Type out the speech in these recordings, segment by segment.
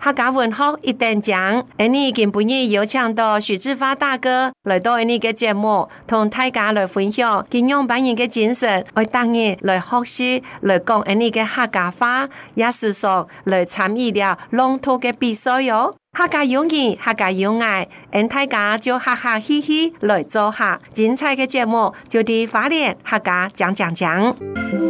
客家文化一等靚，而、嗯、你今半夜又搶到許志發大哥來到你的節目，同大家來分享金庸版演嘅精神，為大人來學習，來講你嘅客家話，也是說來參與了龍頭嘅比賽喲。客家有你，客家有愛，而、嗯、大家就哈哈嘻嘻來做下，精彩的節目就在花蓮客家講講講。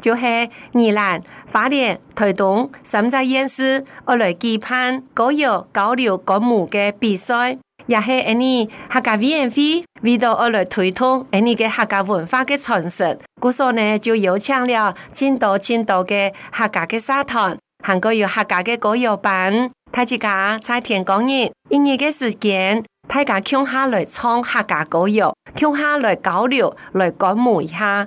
就係宜蘭、花蓮、台東三至恩施，我嚟舉辦歌謠交流觀摩嘅比賽。又係你客家 v n V，為到我嚟推動你嘅客家文化嘅傳承。故所呢就邀請了青島青島嘅客家嘅社團，行過有客家嘅歌謠班，睇住架菜田講熱，一日嘅時間大家鄉下嚟唱客家歌謠，鄉下嚟交流嚟觀摩一下。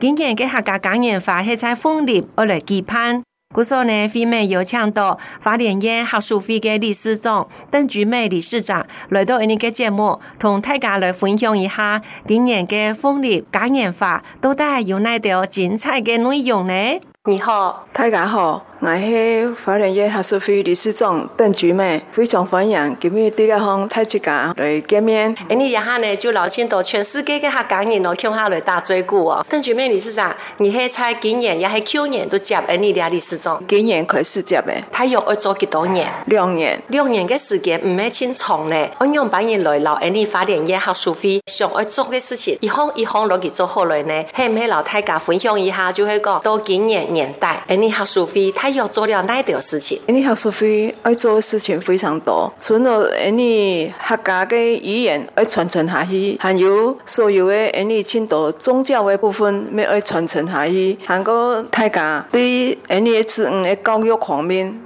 今年的客家嘉年華係在鳳林我嚟揭判，時候呢非妹有搶到，花蓮嘅客屬會的理事長，鄧菊妹理事長來到呢個節目，同大家來分享一下今年的鳳林嘉年華到底有咩條精彩嘅內容呢？你好，大家好。我係花蓮縣客屬會理事長鄧菊妹，非常歡迎今日大家方太極拳來見面。哎，日一下呢就老請到全世界嘅客家人咯，叫下來打嘴鼓哦。鄧菊妹理事長，今在欸、你係才幾年？也係去年都接？哎，你兩理事長？今年開始接唄？大約要做幾多年？兩年。兩年嘅時間唔係真長咧。我用半年來留哎，你花蓮縣客屬會想要做嘅事情，一項一項落去做好來呢？係唔係老大家分享一下就，就係講到今年年底，哎、欸，你客屬會太。要做了哪條事情？你學說非愛做的事情非常多。除了你客家嘅語言愛傳承下去，還有所有嘅你信徒宗教嘅部分要愛傳承下去。韓國大家對你子女嘅教育方面。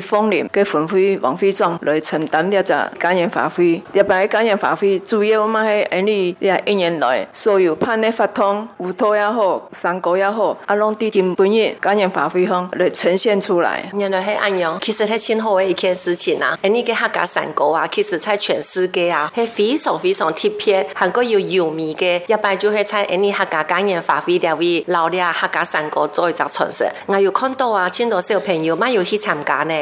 鳳林嘅分會王會長來承擔呢隻嘉年華，一般嘉年華主要我喺呢一年內所有辦嘅活動，舞蹈也好，山歌也好，阿龍啲啲本源嘉年華方來，來呈現出來。原來係安樣，其實係真好嘅一件事情啊。呢個客家山歌啊，其實在全世界啊，係非常非常特別，係個有有名嘅一般就係喺呢客家嘉年華，兩為老啲啊客家山歌做一個傳承。我有看到啊，見到小朋友乜有去參加呢？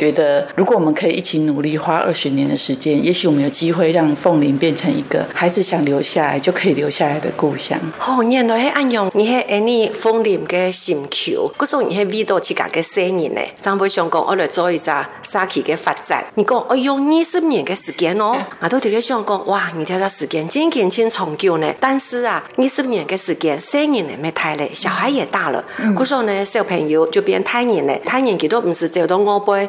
覺得如果我們可以一起努力，花二十年的時間，也許我們有機會讓鳳林變成一個孩子想留下來就可以留下來的故鄉。好，原來係安用？你係安尼鳳林嘅新橋，嗰時候你係維多之家嘅三年咧。張偉相公，我嚟做一隻三期嘅發展。你講，哎、哦、呦，二十年嘅時間咯、哦，我、嗯啊、都這個想公，哇，你條條時間真嘅真長久呢。但是啊，二十年嘅時間，三年咧，咪太咧，小孩也大了，嗰時候呢，小朋友就變胎年咧，胎年佢都唔是走到我輩。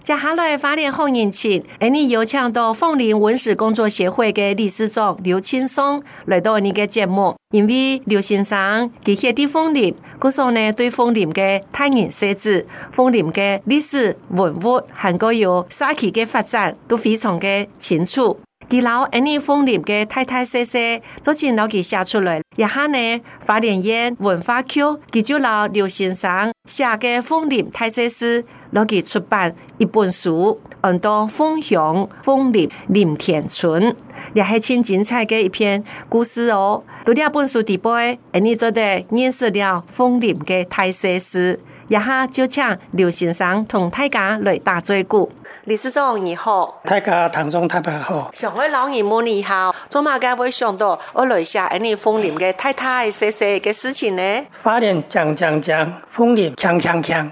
接下來花蓮好人情，而你有請到鳳林文史工作協會的理事長劉青松來到你的節目，因為劉先生佢些地鳳林，佫說呢對鳳林的太岩設置、鳳林的歷史文物，還有沙旗的發展都非常的清楚。地老，而你鳳林的太太寫寫，最近老給寫出來，一下呢花蓮縣文化局，佢就了劉先生寫嘅鳳林太寫詩。攞佢出，出版一本書，很多鳳林、鳳林、林田村，也係千精彩嘅一篇故事哦。除了本書底部，你覺得認識了鳳林的大細事，一下就請劉先生同大家來打嘴鼓。理事長你好，大家同眾大家好。上個老年模你好，做乜嘢會想到我樓下呢鳳林的大大細細的事情呢？楓林強強強，鳳林強強強。